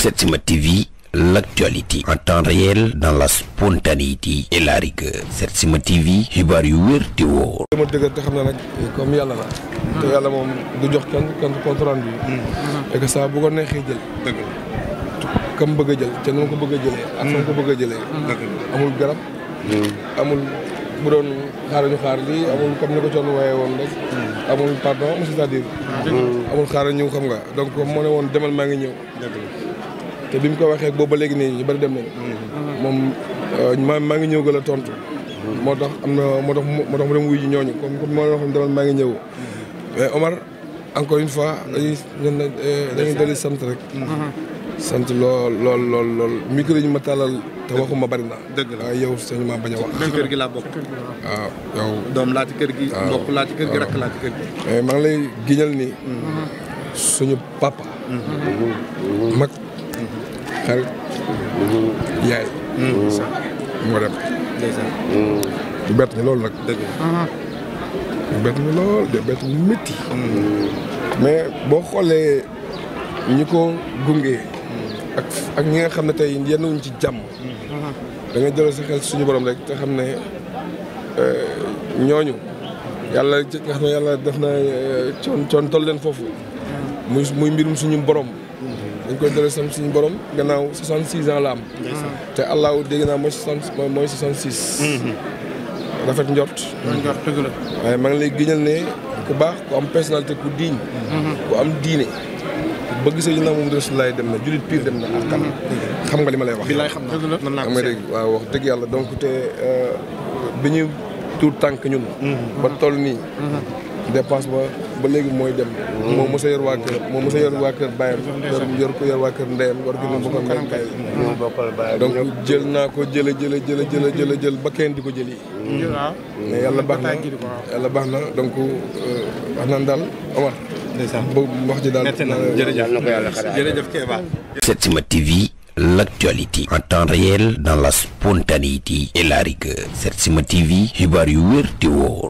set Setsima TV l'actualité en temps réel dans la spontanéité et set rigueur Setsima TV xibaar yu wér di wóor te xam na nag comme yàlla la te yàlla moom du jox kenn kenn compte rendu hmm. Hmm. et que ça bu ko neexee jël kam bëgg a jël te noonu ko bëgg a jëlee ak noonu ko bëgg a jëlee hmm. amul garab amul bu doon xaarañu xaar lii amul comme ni ko coon waaye woon rek amul pardon c'est-à-dire amul xaarañu xam nga donc moo ne woon demal maa ngi ñëw te bi mu ko waxee boobu ba léegi nii ñu bari dem moom euh, ma maa ngi ñëw gën a tontu. moo tax am na moo tax moo mu dem wuyu ji ñooñu comme maa ngi ñëw. mais Omar encore une fois euh, sant rek. Mm-hmm. sant lool lool lool lool micro yi ñu ma tàllal te waxuma bari na. dëgg la yow sañu ma bañ wax. même kër gi laa bokk. waaw yow. kër gi. waaw mbokk laa ci kër gi gi. maa lay giñal ni. Mm-hmm. suñu papa. Mm-hmm. mag. xarit yaay moo dem ñu ñu loolu nag ñu uh-huh. bett ñu lool de bett ñu métti mm. mais boo xoolee ñi ko gunge ak ak ñi nga xam ne tey yenn wuñ ci jàmm mm-hmm. da nga jël sa xel suñu borom rek te xam ne uh, ñooñu yàlla nga xam ne yàlla def na uh, coon coon toll leen foofu muy muy mbirum suñu borom dañ koy delloo sam suñu borom gannaaw 66 ans la am. te allahu dégg naa mooy 60 mooy 66. Mhm. rafet njort. waaye maa ngi lay géñal ne ku baax ku am personnalité ku diiñ mhm. ku am diine. bëgg Seydina Muhammad Rasulullaah dem na jullit piir dem na akkan mhm. xam nga li ma lay wax xam nga dégg waaw wax dëgg yàlla donc te euh, bi ñu tuur tànk ñun ba toll nii dépense ba ba léegi mooy dem. Mm. moo mos a yor waa kër moo mos a yor waa kër bàyyam. yor ko yor waa kër ndeyam war ko ñu bokkal ndeyam bàyyam. donc jël naa ko jële jële jële jële jële jël ba kenn di ko jëli. Mm. Ah. mais yàlla baax na yàlla baax na donc euh, wax naan daal Omar. wax ji daal jërëjëf Kéba. TV. l'actualité en temps réel dans la spontanéité et la rigueur Setsima TV xibaar yu wér